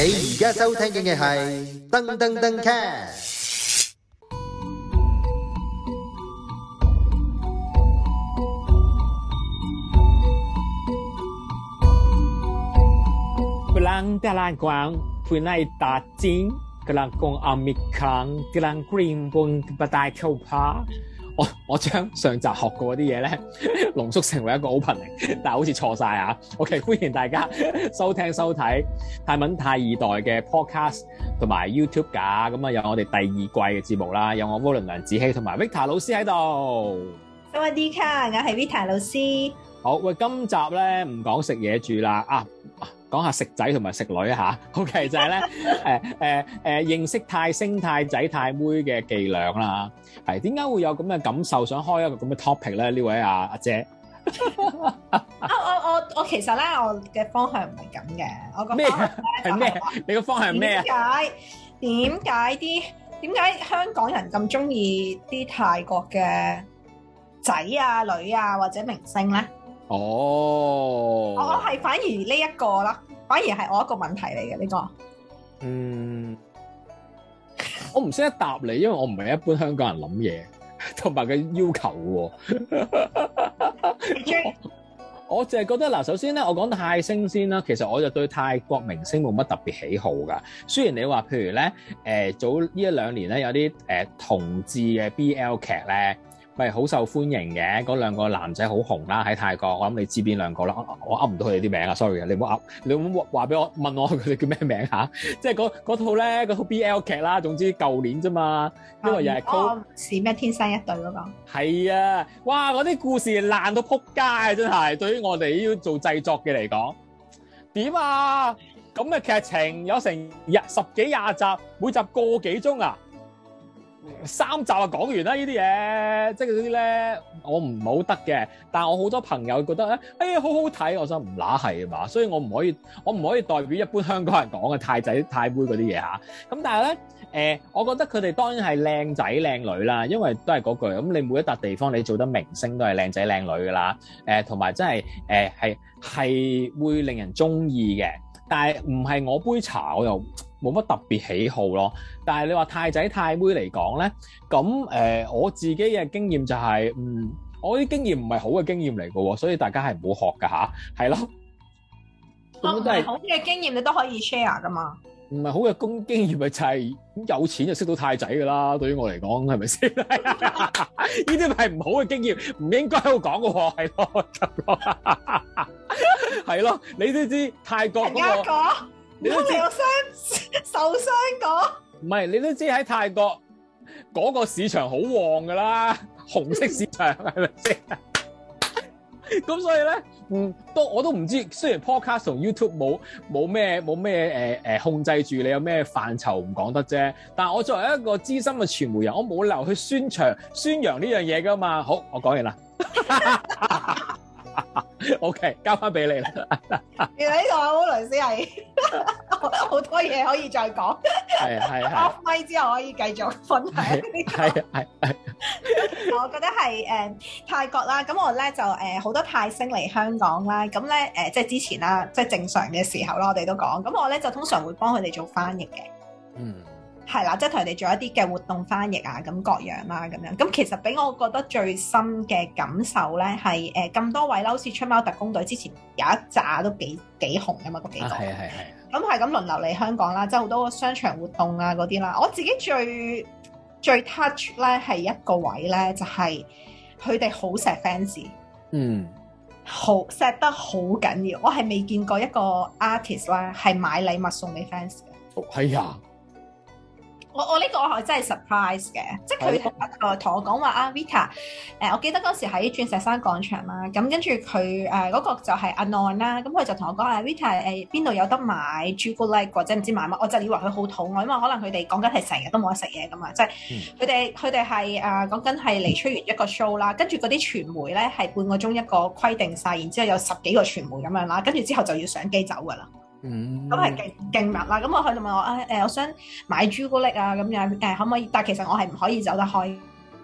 你而家收聽緊嘅係噔噔噔 cast。佢諗得爛光，佢喺打精，佢諗講阿米康，佢諗亂幫佢爸大偷拍。我我將上集學過啲嘢咧， 濃縮成為一個 opening， 但係好似錯晒啊！OK，歡迎大家收聽收睇泰文泰二代嘅 podcast 同埋 YouTube 架，咁啊有我哋第二季嘅節目啦，有我 Volon 梁子希同埋 Vita 老師喺度。咁啊 Dika，我係 Vita 老師。好，喂，今集咧唔講食嘢住啦啊！講下食仔同埋食女啊嚇，OK 就係咧誒誒誒認識泰星泰仔泰妹嘅伎倆啦，係點解會有咁嘅感受？想開一個咁嘅 topic 咧，呢位阿阿姐啊，姐 我我我其實咧，我嘅方向唔係咁嘅，我講咩係咩？你個方向咩？點解點解啲點解香港人咁中意啲泰國嘅仔啊女啊或者明星咧？哦。Oh. 我係反而呢、這、一個啦，反而係我一個問題嚟嘅呢個。嗯，我唔識得答你，因為我唔係一般香港人諗嘢同埋佢要求喎。 我我淨係覺得嗱，首先咧，我講泰星先啦。其實我就對泰國明星冇乜特別喜好噶。雖然你話譬如咧，誒、呃、早呢一兩年咧有啲誒同志嘅 BL 劇咧，咪好受歡迎嘅，嗰兩個男仔好紅啦喺泰國，我諗你知邊兩個啦？我噏唔到佢哋啲名啊，sorry，你唔好噏，你唔冇話俾我問我佢哋叫咩名嚇、啊？即係嗰套咧，嗰套 BL 劇啦，總之舊年啫嘛，呢個又係 call 是咩、哦、天生一對嗰、嗰個？係啊，哇！嗰啲故事爛到撲街啊。真係，對於我哋依啲做製作嘅嚟講，點啊？咁嘅劇情有成日十幾廿集，每集個幾鐘啊？三集啊，講完啦！呢啲嘢，即係嗰啲咧，我唔好得嘅。但係我好多朋友覺得咧，哎、欸、好好睇，我想唔乸係嘛。所以我唔可以，我唔可以代表一般香港人講嘅泰仔泰妹嗰啲嘢嚇。咁但係咧，誒，我覺得佢哋當然係靚仔靚女啦，因為都係嗰句。咁你每一笪地方你做得明星都係靚仔靚女㗎啦。誒、呃，同埋真係誒係係會令人中意嘅。但係唔係我杯茶，我又。冇乜特別喜好咯，但係你話泰仔泰妹嚟講咧，咁誒、呃、我自己嘅經驗就係、是，嗯，我啲經驗唔係好嘅經驗嚟嘅喎，所以大家係唔好學嘅吓，係、啊、咯。都唔、嗯是啊、好嘅經驗，你都可以 share 噶嘛。唔係、啊、好嘅工經、就是、 經驗，就係有錢就識到泰仔噶啦。對於我嚟講，係咪先？呢啲係唔好嘅經驗，唔應該喺度講嘅喎，係咯，泰國係咯，你都知泰國嗰個。你都有傷受傷嗰？唔係，你都知喺泰國嗰、嗰個市場好旺噶啦，紅色市場係咪先？咁 所以咧，嗯，都我都唔知，雖然 Podcast 同 YouTube 冇冇咩冇咩誒誒、呃、控制住，你有咩範疇唔講得啫。但係我作為一個資深嘅傳媒人，我冇理由去宣傳宣揚呢樣嘢噶嘛。好，我講完啦。 O、okay, K. 交翻俾你啦。 原來呢個好類似係好多嘢可以再講，係 啊，off mic、啊、之後可以繼續分享呢個。係係、啊啊啊、 我覺得係誒、呃、泰國啦，咁我咧就誒好、呃、多泰星嚟香港啦，咁咧誒即係之前啦，即係正常嘅時候啦，我哋都講。咁我咧就通常會幫佢哋做翻譯嘅。嗯。係啦，即係同佢哋做一啲嘅活動翻譯啊，咁各樣啦、啊，咁樣咁其實俾我覺得最深嘅感受咧，係誒咁多位好似出貓特工隊之前有一扎都幾幾紅噶嘛，嗰幾個，咁係咁輪流嚟香港啦，即係好多商場活動啊嗰啲啦。我自己最最 touch 咧係一個位咧，就係佢哋好錫 fans，嗯，好錫得好緊要。我係未見過一個 artist 啦係買禮物送俾 fans 嘅，係啊、哎。我呢個我係真係 surprise 嘅，即係佢同一個同我講話的啊，Vita，誒，ita, 我記得嗰時喺鑽石山廣場啦，咁跟住佢誒嗰個就係 Anon 啦、啊，咁佢就同我講啊，Vita 誒邊度有得買朱古力或者唔知買乜，我就以為佢好肚餓，因為可能佢哋講緊係成日都冇得食嘢咁嘛。即係佢哋佢哋係誒講緊係嚟出完一個 show 啦，跟住嗰啲傳媒咧係半個鐘一個規定晒，然之後有十幾個傳媒咁樣啦，跟住之後就要上機走㗎啦。咁係勁勁密啦，咁我去就問我，誒、啊，誒、呃，我想買朱古力啊，咁樣，誒、呃，可唔可以？但係其實我係唔可以走得開。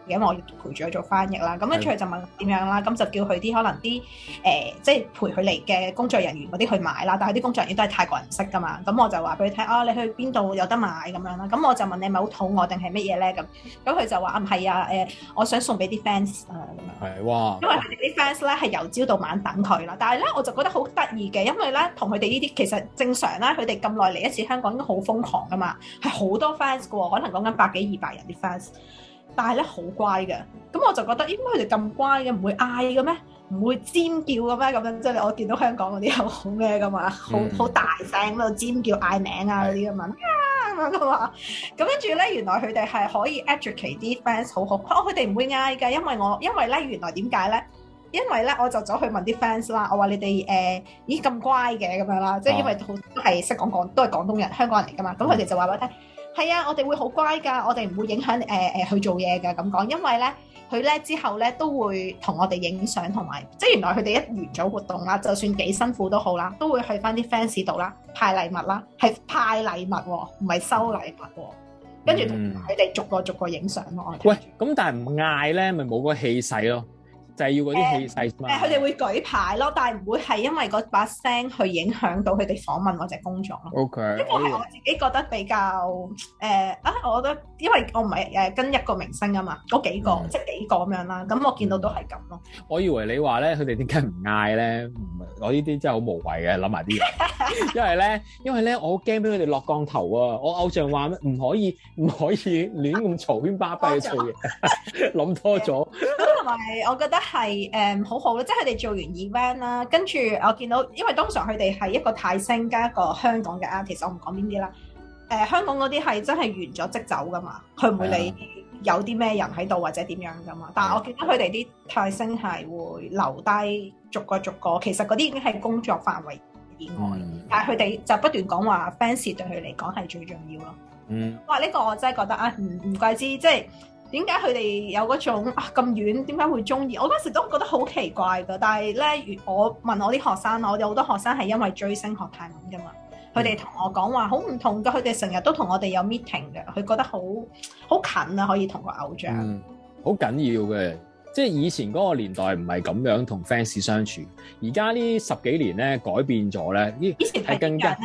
因為我陪住佢做翻譯啦，咁跟住佢就問點樣啦，咁就叫佢啲可能啲誒、呃，即係陪佢嚟嘅工作人員嗰啲去買啦。但係啲工作人員都係泰國人唔識噶嘛，咁我就話俾佢聽啊，你去邊度有得買咁樣啦。咁我就問你係咪好肚餓定係乜嘢咧？咁咁佢就話啊，唔、嗯、係啊，誒、呃，我想送俾啲 fans 啊，係哇， 因為佢哋啲 fans 咧係由朝到晚等佢啦。但係咧我就覺得好得意嘅，因為咧同佢哋呢啲其實正常啦。佢哋咁耐嚟一次香港應該好瘋狂噶嘛，係好多 fans 噶喎，可能講緊百幾二百人啲 fans。但係咧好乖嘅，咁我就覺得咦，該佢哋咁乖嘅，唔會嗌嘅咩？唔會尖叫嘅咩？咁樣即係、就是、我見到香港嗰啲好咩嘅嘛，好好、mm hmm. 大聲喺度尖叫嗌名啊嗰啲嘅嘛，啊咁的樣嘅嘛。咁跟住咧，原來佢哋係可以 educate 啲 fans 好好。佢哋唔會嗌嘅，因為我因為咧原來點解咧？因為咧我就走去問啲 fans 啦。我話你哋誒咦咁乖嘅咁樣啦，即係、oh. 因為好係識講廣都係廣東人、香港人嚟嘅嘛。咁佢哋就話畀我聽。係啊，我哋會好乖噶，我哋唔會影響誒誒去做嘢噶咁講，因為咧佢咧之後咧都會同我哋影相，同埋即係原來佢哋一完咗活動啦，就算幾辛苦都好啦，都會去翻啲 fans 度啦派禮物啦，係派禮物唔係收禮物，禮物哦禮物哦、跟住同佢哋逐個逐個影相咯。喂，咁但係唔嗌咧，咪冇個氣勢咯。就係要嗰啲氣勢嘛。佢哋、呃呃、會舉牌咯，但係唔會係因為嗰把聲去影響到佢哋訪問我隻工作咯。OK。呢個我自己覺得比較誒、呃、啊，我覺得因為我唔係誒跟一個明星啊嘛，嗰幾個、嗯、即係幾個咁樣啦。咁我見到都係咁咯、嗯。我以為你話咧，佢哋點解唔嗌咧？我呢啲真係好無謂嘅諗埋啲嘢，因為咧，因為咧，我驚俾佢哋落降頭啊！我偶像話唔可以，唔可，可以亂咁嘈喧巴閉做嘢，諗多咗。咪我覺得係誒、嗯、好好咯，即係佢哋做完 event 啦，跟住我見到，因為通常佢哋係一個泰星加一個香港嘅 artist，其實我唔講邊啲啦。誒、呃、香港嗰啲係真係完咗即走噶嘛，佢唔會理有啲咩人喺度或者點樣噶嘛。但係我見到佢哋啲泰星係會留低逐個逐個，其實嗰啲已經係工作範圍以外，嗯、但係佢哋就不斷講話 fans 對佢嚟講係最重要咯。嗯，哇！呢、呢個我真係覺得啊，唔唔怪之，即係。點解佢哋有嗰種咁、啊、遠？點解會中意？我嗰時都覺得好奇怪噶。但係咧，如我問我啲學生，我有好多學生係因為追星學泰文噶嘛，佢哋、嗯、同我講話好唔同噶。佢哋成日都同我哋有 meeting 嘅，佢覺得好好近啊，可以同個偶像。好緊、嗯、要嘅，即係以前嗰個年代唔係咁樣同 fans 相處，而家呢十幾年咧改變咗咧，以前係更加。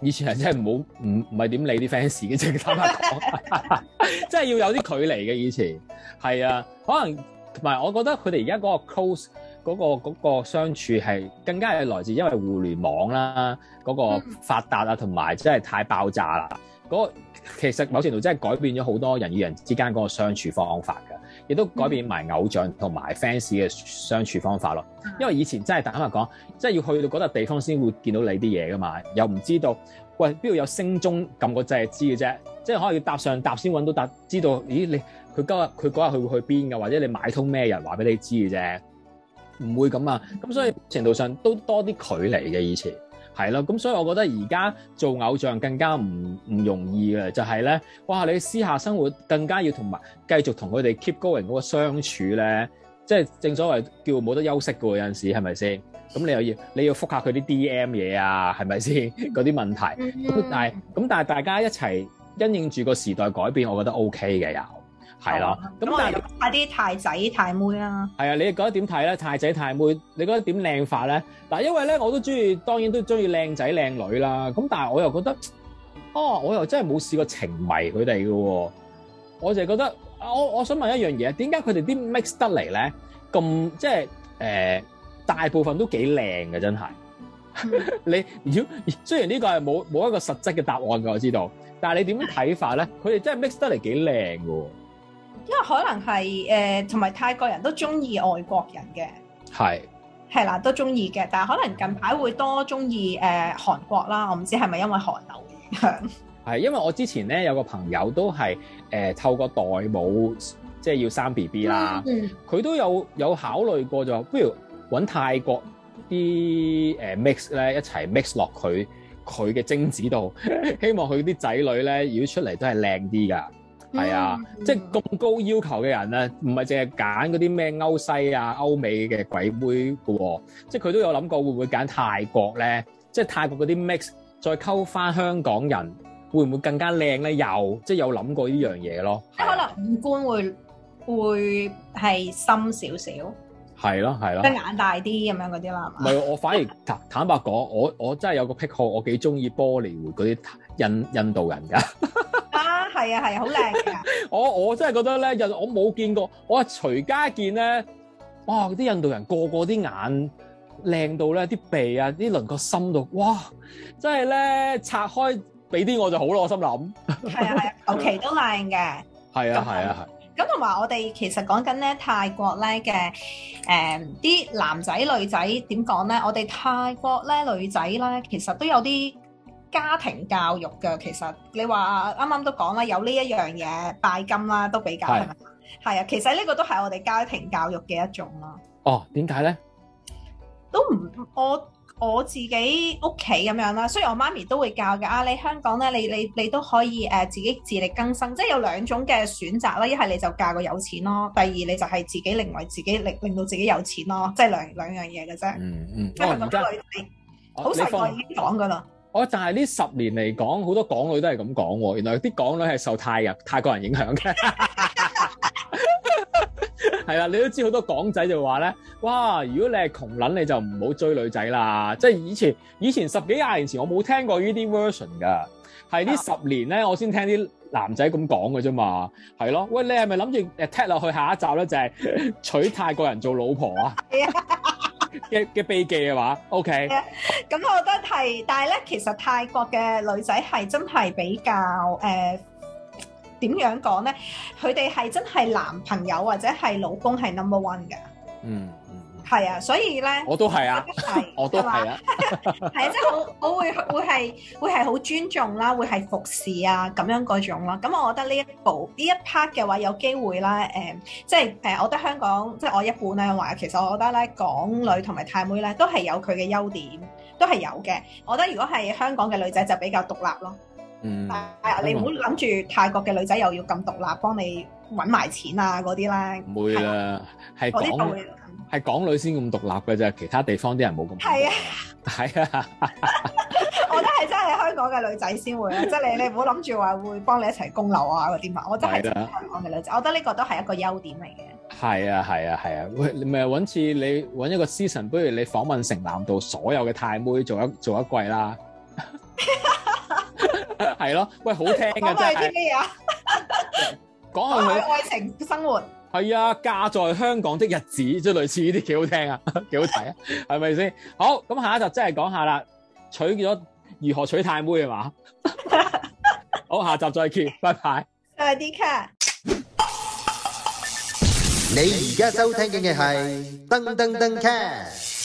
以前係真係唔好，唔唔係點理啲 fans 嘅，即係坦白講，即係要有啲距離嘅。以前係啊，可能同埋我覺得佢哋而家個 close、嗰個、嗰個相處係更加係來自因為互聯網啦，嗰個發達啊，同埋真係太爆炸啦。嗰個其實某程度真係改變咗好多人與人之間個相處方法㗎。亦都改變埋偶像同埋 fans 嘅相處方法咯，因為以前真係坦白講，真係要去到嗰笪地方先會見到你啲嘢噶嘛，又唔知道，喂，邊度有星鐘撳個掣係知嘅啫，即係可能要搭上搭先揾到搭，知道，咦，你佢今日佢嗰日佢會去邊㗎，或者你買通咩人話俾你知嘅啫，唔會咁啊，咁所以程度上都，都多啲距離嘅以前。係咯，咁所以我覺得而家做偶像更加唔唔容易嘅，就係咧，哇！你私下生活更加要同埋繼續同佢哋 keep going 嗰個相處咧，即係正所謂叫冇得休息嘅喎，有陣時係咪先？咁你又要你要覆下佢啲 DM 嘢啊，係咪先嗰啲問題？Mm hmm. 但係咁，但係大家一齊因應住個時代改變，我覺得 OK 嘅有。係啦，咁但係睇啲泰仔泰妹啊，係啊，你哋覺得點睇咧？泰仔泰妹，你覺得點靚法咧？嗱，因為咧，我都中意，當然都中意靚仔靚女啦。咁但係我又覺得，哦，我又真係冇試過情迷佢哋噶，我就係覺得，我我想問一樣嘢，點解佢哋啲 mix 得嚟咧咁即係誒、呃，大部分都幾靚嘅，真係。 你，如果雖然呢個係冇冇一個實質嘅答案嘅，我知道，但係你點睇法咧？佢哋 真係 mix 得嚟幾靚噶。因為可能係誒，同、呃、埋泰國人都中意外國人嘅，係係啦，都中意嘅。但係可能近排會多中意誒韓國啦，我唔知係咪因為韓流嘅影響。係、嗯、因為我之前咧，有個朋友都係誒、呃、透過代母，即係要生 BB 啦，佢、嗯、都有有考慮過就不如揾泰國啲誒 mix 咧，一齊 mix 落佢佢嘅精子度，希望佢啲仔女咧，如果出嚟都係靚啲㗎。係 啊，即係咁高要求嘅人咧，唔係淨係揀嗰啲咩歐西啊、歐美嘅鬼妹㗎喎，即係佢都有諗過會唔會揀泰國咧？即係泰國嗰啲 mix 再溝翻香港人，會唔會更加靚咧？又即係有諗過呢樣嘢咯。即係、啊、可能五官會會係深少少，係咯係咯，即、啊、眼大啲咁樣嗰啲啦，係嘛、啊？唔係、啊啊，我反而坦白講，我我真係有個癖好，我幾中意波里活嗰啲印印，印度人㗎。 係啊係啊，好靚嘅。我我真係覺得咧，印度我冇見過，我隨街見咧，哇！啲印度人個個啲眼靚到咧，啲鼻啊，啲輪廓深到，哇！真係咧，拆開俾啲我就好咯，我心諗。係啊係啊，求其都靚嘅。係啊係啊係。咁同埋我哋其實講緊咧泰國咧嘅誒啲男仔女仔點講咧？我哋泰國咧女仔咧其實都有啲。家庭教育嘅，其實你話啱啱都講啦，有呢一樣嘢拜金啦，都比較係咪？係啊，其實呢個都係我哋家庭教育嘅一種咯。哦，點解咧？都唔，我我自己屋企咁樣啦。雖然我媽咪都會教嘅啊，你香港咧，你你你都可以誒自己自力更生，即係有兩種嘅選擇啦。一係你就嫁個有錢咯，第二你就係自己令為自己令令到自己有錢咯，即係兩兩樣嘢嘅啫。嗯嗯。即係個女仔好細個已經講噶啦。我但係呢十年嚟講，好多港女都係咁講喎。原來啲港女係受泰人、泰國人影響嘅。係啦， 你都知好多港仔就話咧：，哇！如果你係窮撚，你就唔好追女仔啦。即係以前，以前十幾廿年前，我冇聽過呢啲 version 㗎。係呢十年咧，我先聽啲男仔咁講㗎啫嘛。係咯，喂，你係咪諗住誒踢落去下一集咧？就係、是、娶泰國人做老婆啊？ 嘅嘅秘技嘅話，OK，咁、yeah, 我覺得係，但係咧，其實泰國嘅女仔係真係比較誒點、呃、樣講咧？佢哋係真係男朋友或者係老公係 number one 嘅，嗯。係啊，所以咧、啊，我都係啊，我都係啊，係啊，即係我我會會係會係好尊重啦，會係服侍啊咁樣嗰種咯。咁我覺得呢一部呢一 part 嘅話有機會啦。誒、嗯，即係誒，我覺得香港即係、就是、我一半咧話，其實我覺得咧，港女同埋泰妹咧都係有佢嘅優點，都係有嘅。我覺得如果係香港嘅女仔就比較獨立咯。嗯，係啊，你唔好諗住泰國嘅女仔又要咁獨立，幫你揾埋錢啊嗰啲咧，唔會啦，係嗰啲係港女先咁獨立嘅啫，其他地方啲人冇咁。係啊，係是啊， 我、就是啊我，我覺得係真係香港嘅女仔先會，即係你你唔好諗住話會幫你一齊供樓啊嗰啲嘛，我真係香港嘅女仔，我覺得呢個都係一個優點嚟嘅。係啊係啊係啊，咪揾、啊啊啊啊、次你揾一個 season 不如你訪問城南道所有嘅泰妹做一做一，做一季啦。 係咯， 喂，好聽嘅真係。即係啲咩啊？講下佢愛情生活。係啊， 嫁在香港的日子，即係類似呢啲，幾好聽啊，幾好睇啊，係咪先？好，咁下一集真係講下啦，娶咗如何娶太妹啊嘛？ 好，下集再見，拜拜。愛 的叮叮叮叮卡。你而家收聽緊嘅係噔噔噔卡。